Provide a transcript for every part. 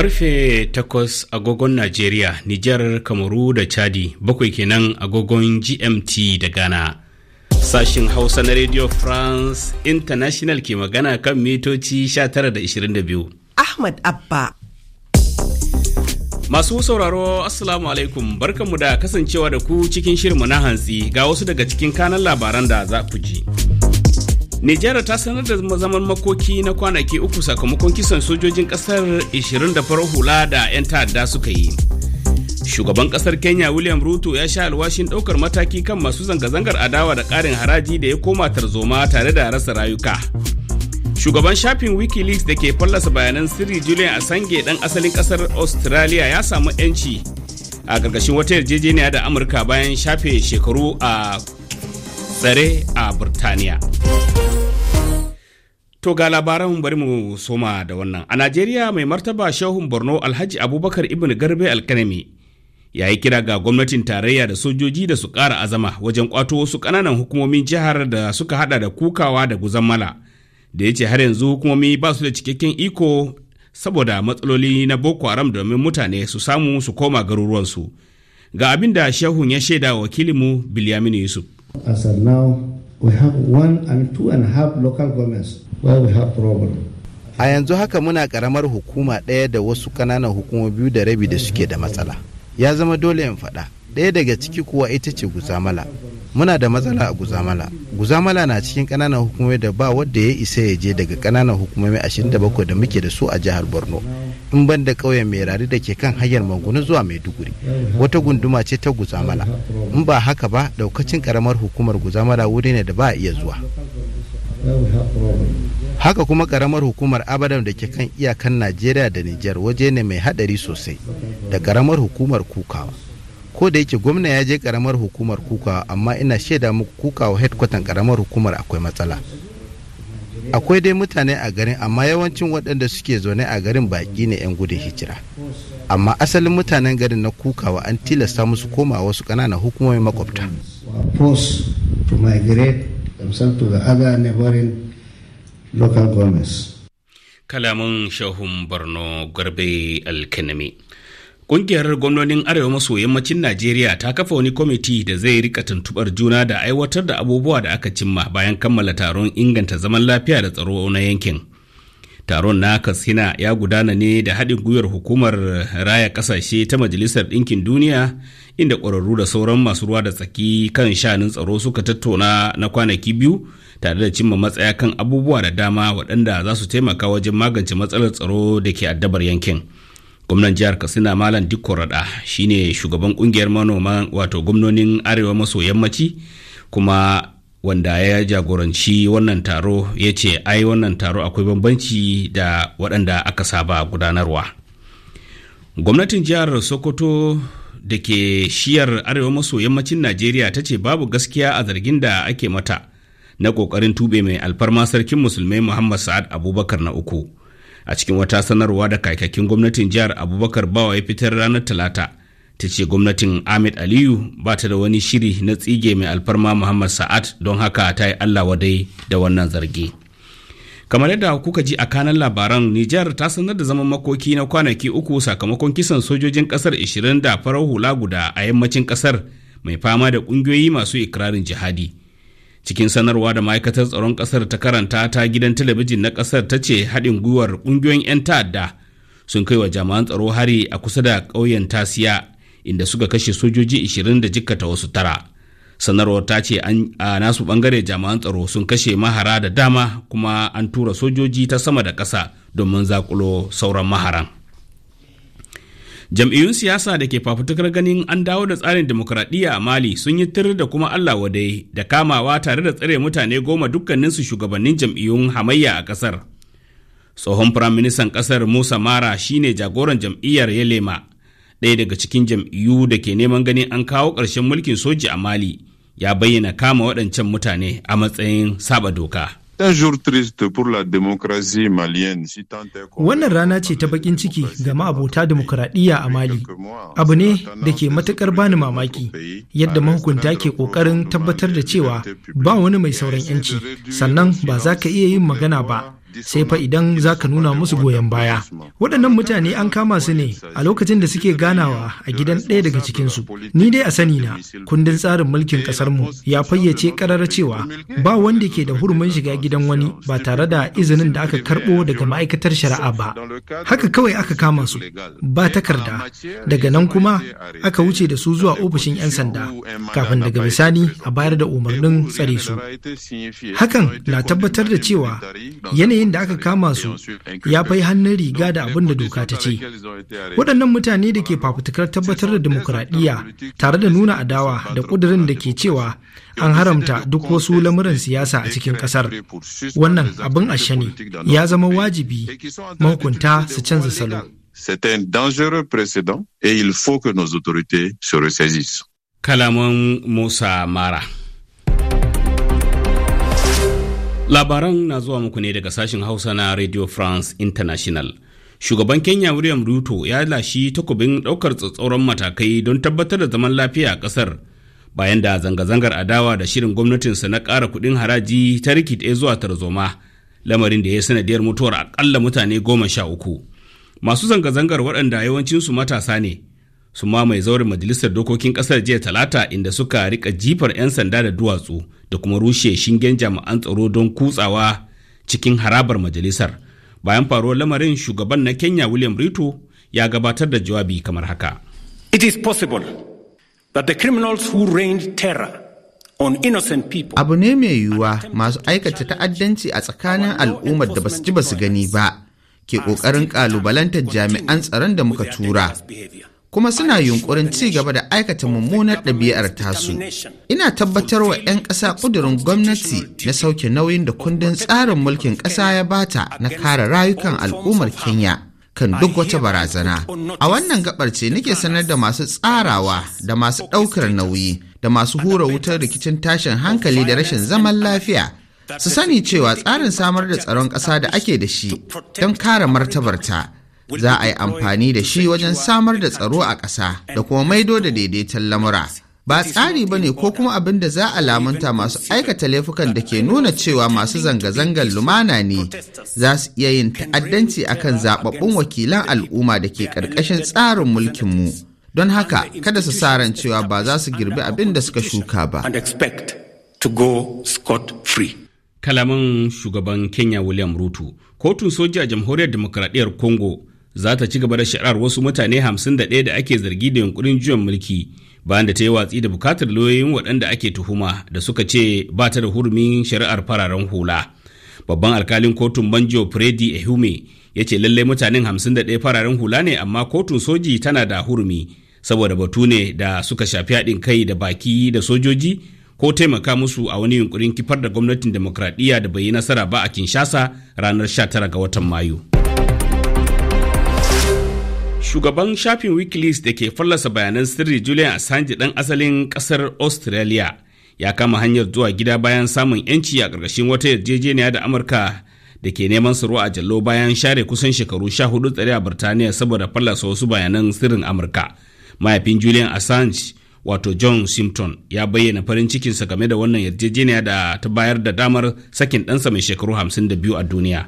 Karfe takwas agogon Najeriya, Nijar, Kamaru da Chadi, bakwai kenan agogon GMT da Ghana. Sashen Hausa na Radio France International ke magana kan mitoci 19.22. Ahmad Abba. Masu sauraro Assalamu alaikum barkanmu da kasancewa da ku cikin shirinmu na hantsi ga wasu daga cikin kanan labaran da za ku ji. Nijar ta sanar da zaman makoki na kwanaki uku sakamakon kisan sojojin kasar 20 da hula da 'yan ta'adda suka yi. Shugaban kasar Kenya William Ruto ya sha alwashin ɗaukar mataki kan masu zanga-zangar adawa da ƙarin haraji da ya koma tarzoma tare da rasa rayuka. Shugaban shafin Wikileaks da ke fallasa bayanan sirri Julian Assange ɗan asalin ƙasar Australia ya samu 'yanci a ƙarƙashin wata yarjejeniya da Amurka bayan shafe shekaru a tsare a burtaniya To ga labaran bari mu soma da wannan. A Najeriya mai martaba shehun Borno Alhaji Abubakar Ibn Garbe Alkanami ya yi kira ga gwamnatin tarayya da sojoji da su ƙara azama wajen ƙwato wasu ƙananan hukumomin jihar da suka hada da kukawa da mala da ya ce har yanzu hukumomi ba su da cikakken iko saboda matsaloli na Boko Haram domin mutane su samu su koma garuruwansu. Ga abin da shehun ya shaida wakilinmu Bilyaminu Yusuf. As of now, we have one and two and a half local governments where we have problem. A yanzu haka muna karamar hukuma ɗaya da wasu ƙananan hukuma biyu da rabi da suke da matsala. Ya zama dole in faɗa. Ɗaya daga ciki kuwa ita ce Guzamala. muna da matsala a guzamala guzamala na cikin kananan hukumomi da ba wadda ya isa ya je daga kananan hukumomi 27 da muke da su a jihar borno in ban da ƙauyen merari da ke kan hanyar mangunu zuwa maiduguri wata gunduma ce ta guzamala in ba haka ba daukacin karamar hukumar guzamala wuri ne da ba a iya zuwa haka kuma karamar hukumar abadam da ke kan iyakan najeriya da nijar waje ne mai hadari sosai da karamar hukumar kukawa ko da yake gwamna ya je karamar hukumar kuka amma ina shaida muku kuka wa headquarter karamar hukumar akwai matsala akwai dai mutane a garin amma yawancin waɗanda suke zaune a garin baƙi ne 'yan gudun hijira amma asalin mutanen garin na kukawa an tilasta musu koma wasu ƙananan hukumomin makwabta kalamin shahun barno garbe alkinami Ƙungiyar gwamnonin Arewa maso yammacin Najeriya ta kafa wani kwamiti da zai rika tuntuɓar juna da aiwatar da abubuwa da aka cimma bayan kammala taron inganta zaman lafiya da tsaro na yankin. Taron na Katsina ya gudana ne da haɗin gwiwar hukumar raya ƙasashe ta Majalisar Ɗinkin Duniya inda ƙwararru da sauran masu ruwa da tsaki kan shanun tsaro suka tattauna na kwanaki biyu tare da cimma matsaya kan abubuwa da dama waɗanda za su taimaka wajen magance matsalar tsaro da ke addabar yankin. gwamnan jihar katsina malam dikko rada shine shugaban kungiyar manoma wato gwamnonin arewa maso yammaci kuma wanda ya jagoranci wannan taro ya ce ai wannan taro akwai bambanci da waɗanda aka saba gudanarwa gwamnatin jihar sokoto da ke shiyar arewa maso yammacin najeriya ta ce babu gaskiya a zargin da ake mata na ƙoƙarin tube mai alfarma sarkin musulmai muhammad sa'ad abubakar na uku a cikin wata sanarwa da kakakin gwamnatin jihar abubakar bawa ya fitar ranar talata ta ce gwamnatin ahmed aliyu ba ta da wani shiri na tsige mai alfarma muhammad sa'ad don haka ta yi allah wadai da wannan zargi kamar yadda kuka ji a kanan labaran nijar ta sanar da zaman makoki na kwanaki uku sakamakon kisan sojojin kasar 20 da farar hula guda a yammacin kasar mai fama da kungiyoyi masu ikirarin jihadi cikin sanarwa da ma'aikatar tsaron kasar ta karanta ta gidan talabijin na kasar ta ce haɗin gwiwar ƙungiyoyin 'yan ta'adda sun kai wa jami'an tsaro hari a kusa da ƙauyen tasiya inda suka kashe sojoji 20 da jikkata wasu tara sanarwar ta ce a nasu bangare jami'an tsaro sun kashe mahara da dama kuma an tura sojoji ta sama da ƙasa domin zakulo sauran maharan jam'iyyun siyasa da ke fafutukar ganin an dawo da tsarin demokuraɗiyya a mali sun yi tir da kuma allah wadai da kamawa tare da tsare mutane goma dukkaninsu shugabannin jam'iyyun hamayya a ƙasar tsohon firaministan ƙasar musa mara shine jagoran jam'iyyar yalema ɗaya daga cikin jam'iyyu da ke neman ganin an kawo ƙarshen mulkin soji a mali ya bayyana kama waɗancan mutane a matsayin saba doka un jour triste pour la Wannan rana ce ta bakin ciki ga ma'abota demokradiyya a Mali. Abu ne da ke matukar bani mamaki yadda mahukunta ke kokarin tabbatar da cewa ba wani mai sauran yanci sannan ba za ka iya yin magana ba sai fa idan za ka nuna musu goyon baya waɗannan mutane an kama su ne a lokacin da suke ganawa a gidan ɗaya daga cikinsu ni dai a sani na kundin tsarin mulkin ƙasarmu ya fayyace ƙarar cewa ba wanda ke da hurumin shiga gidan wani ba tare da izinin da aka karɓo daga ma'aikatar shari'a ba haka kawai aka kama su ba takarda daga nan kuma aka wuce da su zuwa ofishin 'yan sanda kafin daga bisani a bayar da umarnin tsare su hakan na tabbatar da cewa yanayin barayin da aka kama su ya fai hannun riga da abin da doka ta ce waɗannan mutane da ke fafutukar tabbatar da demokuraɗiyya tare da nuna adawa da ƙudurin da ke cewa an haramta duk wasu lamuran siyasa a cikin ƙasar wannan abin ashe ne ya zama wajibi mahukunta su canza salo Kalaman Musa Mara. labaran na zuwa muku ne daga sashen hausa na radio france international shugaban kenya william ruto ya lashi takobin ɗaukar tsatsauran matakai don tabbatar da zaman lafiya a ƙasar bayan da zanga-zangar adawa da shirin gwamnatinsa na kara kuɗin haraji ta rikide zuwa tarzoma lamarin da ya sanadiyar mutuwar akalla mutane goma sha uku masu zanga-zangar waɗanda yawancinsu matasa ne su mai zauren majalisar dokokin kasar jiya talata inda suka rika jifar 'yan sanda da duwatsu da kuma rushe shingen jami'an tsaro don kutsawa cikin harabar majalisar bayan faruwar lamarin shugaban na kenya william rito ya gabatar da jawabi kamar haka it is possible that the criminals who rained terror Abu ne mai yiwuwa masu aikata ta'addanci a tsakanin al'ummar da basu ji basu gani ba ke ƙoƙarin ƙalubalantar jami'an tsaron da muka tura kuma suna yunkurin ci gaba da aikata mummunar ɗabi'ar tasu. Ina tabbatar wa 'yan ƙasa ƙudurin gwamnati na sauke nauyin da kundin tsarin mulkin ƙasa ya bata na kare rayukan al'ummar Kenya kan duk wata barazana. A wannan gabar ce nake sanar da masu tsarawa da masu ɗaukar nauyi da masu hura wutar rikicin tashin hankali da rashin zaman lafiya. Su sani cewa tsarin samar da tsaron ƙasa da ake da shi don kare martabarta. za a yi amfani da shi wajen samar da tsaro a ƙasa da kuma maido da daidaiton lamura. Ba tsari ba ne ko kuma abin da za a lamunta masu aikata laifukan da ke nuna cewa masu zanga-zangar lumana ne za su iya yin ta'addanci a kan zaɓaɓɓun wakilan al'umma da ke ƙarƙashin tsarin mulkinmu. Don haka kada su sa cewa ba za su girbi abin da suka shuka ba. Kalamin shugaban Kenya William Ruto, kotun soja a jamhuriyar Kongo. Kongo. za ta ci gaba da shari'ar wasu mutane 51 da ake zargi da yunkurin juyan mulki bayan da ta yi watsi da bukatar lauyoyin waɗanda ake tuhuma da suka ce ba ta da hurumin shari'ar fararen hula babban alkalin kotun banjo fredi ehume ya ce lallai mutanen 51 fararen hula ne amma kotun soji tana da hurumi saboda batu ne da suka shafi haɗin kai da baki da sojoji ko taimaka musu a wani yunkurin kifar da gwamnatin demokradiyya da bai yi nasara ba a kinshasa ranar 19 ga watan mayu. Shugaban shafin Wikileaks da ke fallasa bayanan sirri Julian Assange dan asalin ƙasar Australia ya kama hanyar zuwa gida bayan samun 'yanci a ƙarƙashin wata yarjejeniya da Amurka da ke neman su a jallo bayan share kusan shekaru sha hudu tsare a Birtaniya saboda fallasa wasu bayanan sirrin Amurka. Mahaifin Julian Assange wato John Simpson ya bayyana farin cikinsa game da wannan yarjejeniya da ta bayar da damar sakin ɗansa mai shekaru 52 a duniya.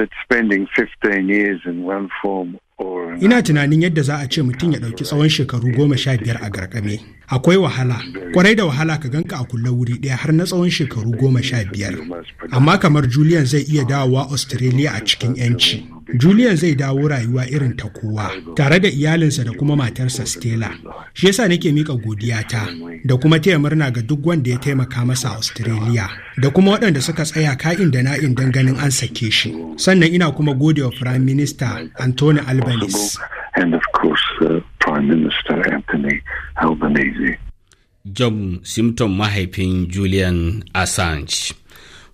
that spending 15 years in one form or another. Ina tunanin yadda za a ce mutum ya ɗauki tsawon shekaru goma sha biyar a garkame. akwai wahala kwarai da wahala ka ganka a kulla wuri ɗaya har na tsawon shekaru goma sha biyar amma kamar julian zai iya dawowa australia a cikin yanci julian zai dawo rayuwa irin ta kowa tare da iyalinsa da kuma matarsa stella shi yasa nake mika godiyata da kuma taya murna ga duk wanda ya taimaka masa a australia da kuma waɗanda suka tsaya ka'in da na'in don ganin an sake shi sannan ina kuma gode wa firayim minista anthony albanese Prime Minister Anthony Albanese. John Simpton mahaifin Julian Assange.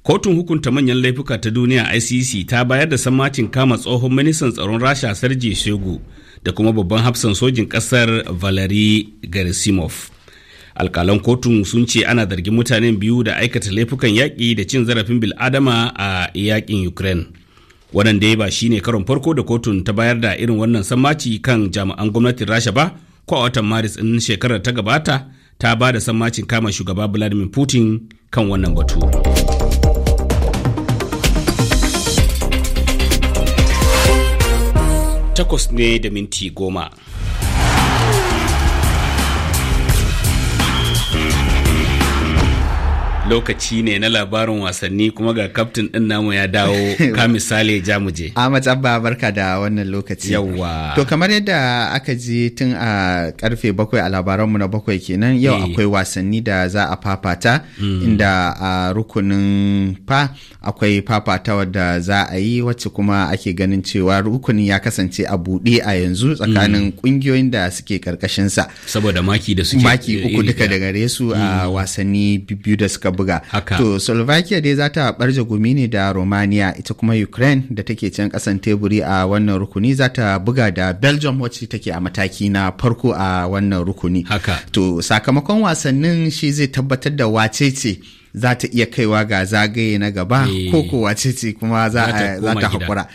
Kotun hukunta manyan laifuka ta duniya ICC ta bayar da sammacin kama tsohon ministan tsaron Rasha Sergei shegu da kuma babban hafsan sojin ƙasar Valery Gerasimov. alkalan kotun sun ce ana zargin mutanen biyu da aikata laifukan yaƙi da cin zarafin bil'adama a yaƙin ukraine wannan dai ba shine karon farko da kotun ta bayar da irin wannan sammaci kan jami'an gwamnatin rasha ba ko a watan maris in shekarar ta gabata ta ba da sammacin kama shugaba vladimir putin kan wannan batu takwas ne da minti goma lokaci ne na labarin wasanni kuma ga kaftin din namu ya dawo ka misali ja mu Ahmad Abba barka da wannan lokaci yawwa to kamar yadda aka ji tun a karfe bakwai a labaranmu na bakwai kenan yau eh. akwai wasanni da za a fafata hmm. inda a rukunin fa akwai fafata da za a yi wacce kuma ake ganin cewa rukunin ya kasance a buɗe a yanzu tsakanin kungiyoyin hmm. da suke karkashin saboda maki da suke maki uku eh, duka eh, da resu a hmm. wasanni biyu da suka buga to slovakia dai za ta barje gumi ne da romania ita kuma ukraine da take can kasan teburi a wannan rukuni za ta buga da belgium wacce take a mataki na farko a wannan rukuni haka to sakamakon wasannin shi zai tabbatar da wace ce za ta iya kaiwa ga zagaye na gaba eh. ko kowa ce kuma za ta haƙura a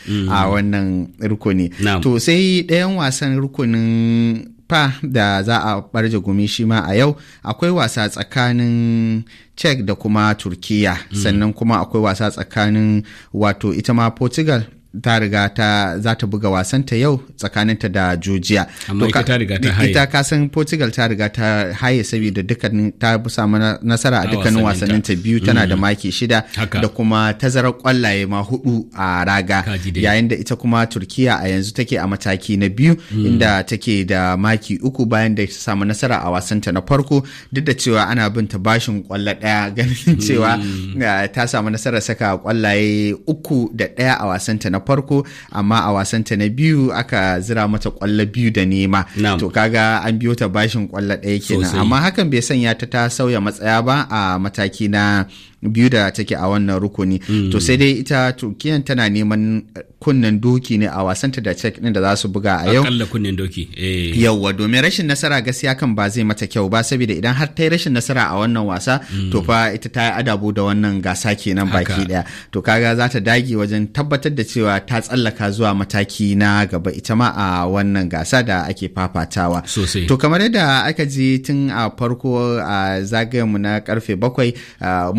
mm. wannan rukuni. To sai ɗayan wasan rukunin fa da za a barje gumi shi ma a yau akwai wasa tsakanin czech da kuma turkiya hmm. sannan kuma akwai wasa tsakanin wato ita ma portugal ta riga ta za ta buga wasanta yau tsakaninta da Georgia. Amma ita ta riga ta haye. Ita kasan Portugal ta riga ta haye saboda dukkanin ta samu nasara a dukkanin wasannin ta biyu tana da mm. maki shida da kuma tazarar kwallaye ma hudu a raga. Yayin da ita kuma Turkiya a yanzu take a mataki na biyu mm. inda take da maki uku bayan da ta samu nasara a wasanta na farko duk da cewa ana bin ta bashin kwallo daya ganin cewa mm. eh, ta samu nasara saka kwallaye uku da daya a wasanta na farko amma a wasanta na biyu aka zira mata kwallo biyu da nema to kaga an biyo ta bashin kwallo ɗaya kenan amma hakan bai sanya ta ta sauya matsaya ba a mataki na biyu da take a wannan rukuni hmm. to sai dai ita tukiyan tana neman kunnen doki ne a wasan da cek din da za su buga a yau akalla kunnen doki eh domin rashin nasara gaskiya kan ba zai mata kyau ba saboda idan har ta yi rashin nasara a wannan wasa hmm. to fa ita ta yi adabu da wannan gasa kenan baki daya to kaga za ta dage wajen tabbatar da cewa ta tsallaka zuwa mataki na gaba ita ma a wannan gasa da ake fafatawa sosai to kamar yadda aka je tun a farko a zagayenmu na karfe bakwai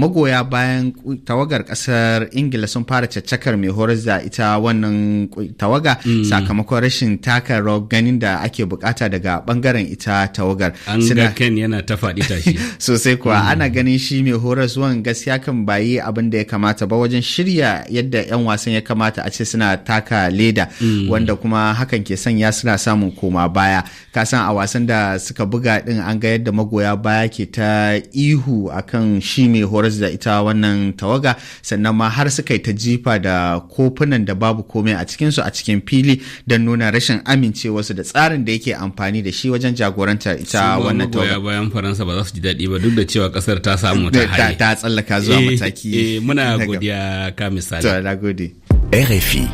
magoya bayan tawagar kasar ingila sun fara caccakar mai horar da ita wannan tawaga mm. sakamakon rashin taka rawar ganin da ake bukata daga bangaren ita tawagar. An ga Ken yana ta faɗi tashi. Sosai kuwa mm. ana ganin shi mai zuwan gaskiya kan bayi abin da ya kamata ba wajen shirya yadda 'yan wasan ya kamata a ce suna taka leda mm. wanda kuma hakan ke sanya suna samun koma baya. Kasan a wasan da suka buga din an ga yadda magoya baya ke ta ihu akan shi mai horar da ita wannan tawaga sannan ma har suka yi ta jifa da kofunan da babu babu komai a cikinsu a cikin fili don nuna rashin amincewarsu da tsarin da yake amfani da shi wajen jagorantar ita wannan tawaga. bayan Faransa ba za su ji daɗi ba duk da cewa ƙasar ta samu ta eh, haye. Ta tsallaka zuwa eh, mataki. Eh, muna godiya ka misali. To, na gode. RFI.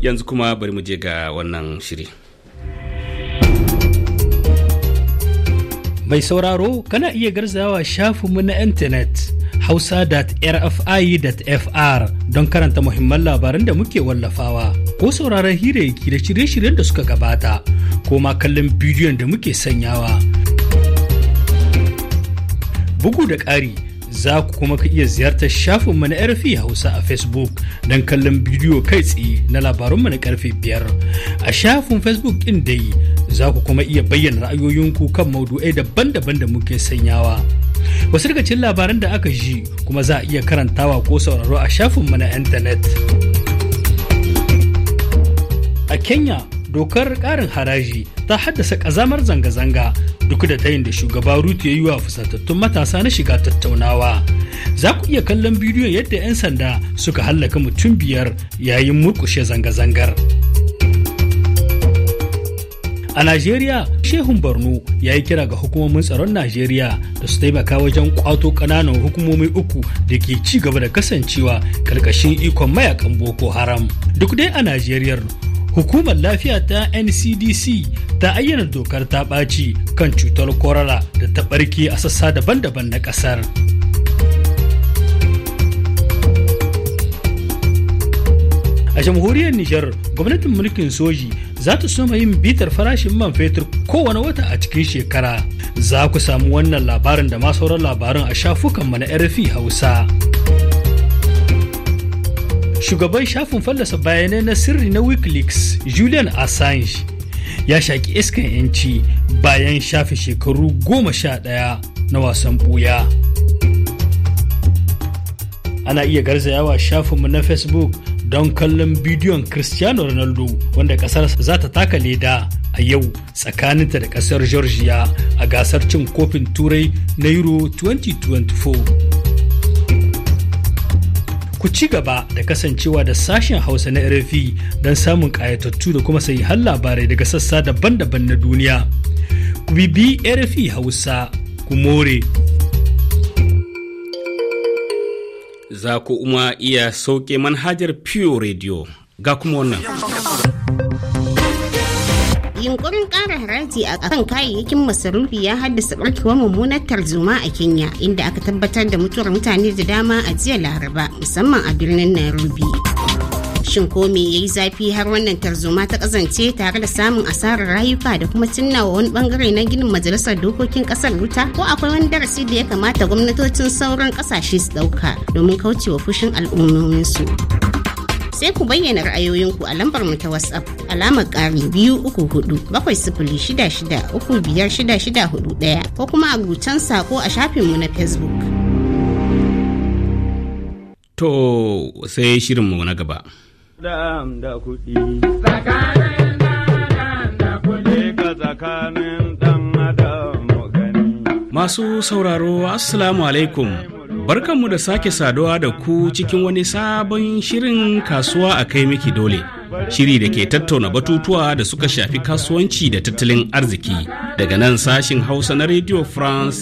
Yanzu kuma bari mu je ga wannan shiri. Mai sauraro kana iya garzawa shafinmu na intanet. hausa.rfi.fr don karanta muhimman labaran da muke wallafawa ko sauraron hirayenki da shirye-shiryen da suka gabata ko ma kallon bidiyon da muke sanyawa. Bugu da ƙari za ku kuma ka iya ziyartar shafinmu na RFI Hausa a Facebook don kallon bidiyo kai tsaye na labarunmu na karfe biyar. A shafin Facebook ɗin dai za ku kuma iya bayyana ra'ayoyinku kan maudu'ai daban-daban da muke sanyawa. wasu daga cikin labaran da aka ji kuma za a iya karantawa ko sauraro a shafinmu na intanet a kenya dokar karin haraji ta haddasa kazamar zanga-zanga duk da tayin da shugaba ruto ya yi wa fusatattun matasa na shiga tattaunawa za ku iya kallon bidiyon yadda 'yan sanda suka hallaka mutum biyar yayin murkushe zanga-zangar. A Najeriya, Shehun Borno ya yi kira ga hukumomin tsaron Najeriya da su taimaka wajen kwato ƙananan hukumomi uku da ke ci gaba da kasancewa ƙarƙashin ikon mayakan Boko Haram. Duk dai a Najeriya, hukumar lafiya ta ncdc ta ayyana dokar ta ɓaci kan cutar korara da ta ɓarke a sassa daban-daban na ƙasar. a jamhuriyar nijar gwamnatin mulkin soji za ta soma yin bitar farashin man fetur kowane wata a cikin shekara za ku samu wannan labarin da ma sauran labarin a shafukanmu na rfi hausa shugaban shafin fallasa bayanai na sirri na wikileaks julian assange ya shaƙi iskan yanci bayan shafe shekaru goma sha ɗaya na wasan ɓuya. ana iya garzayawa shafinmu na facebook don kallon bidiyon cristiano ronaldo wanda kasar za ta taka leda a yau tsakaninta da kasar georgia a gasar cin kofin turai na euro 2024 ku ci gaba da kasancewa da sashen hausa na rfi don samun ƙayatattu da kuma sayi har labarai daga sassa daban-daban na duniya ku bibi rfi hausa ku more za ku kuma iya sauke manhajar Pure Radio ga kuma wannan. Yunkurin ƙara haraji a kan kayayyakin masarufi ya haddasa barkewar mummunar tarzoma a Kenya inda aka tabbatar da mutuwar mutane da dama a jiya Laraba musamman a birnin Nairobi. shin ko me ya yi zafi har wannan tarzoma ta kazance tare da samun asarar rayuka da kuma cinnawa wani bangare na ginin majalisar dokokin kasar wuta ko akwai wani darasi da ya kamata gwamnatocin sauran kasashe su dauka domin kaucewa fushin al'ummominsu. sai ku bayyana ra'ayoyinku a lambar mu ta WhatsApp alamar ƙari biyu uku hudu bakwai sifili shida shida uku biyar shida shida hudu ɗaya ko kuma a rubutan sako a shafinmu na Facebook. To sai shirinmu na gaba. Masu sauraro, Assalamu alaikum. Barkanmu da sake saduwa da ku cikin wani sabon shirin kasuwa a kai miki dole. Shiri da ke tattauna batutuwa da suka shafi kasuwanci da tattalin arziki daga nan sashin Hausa na Radio France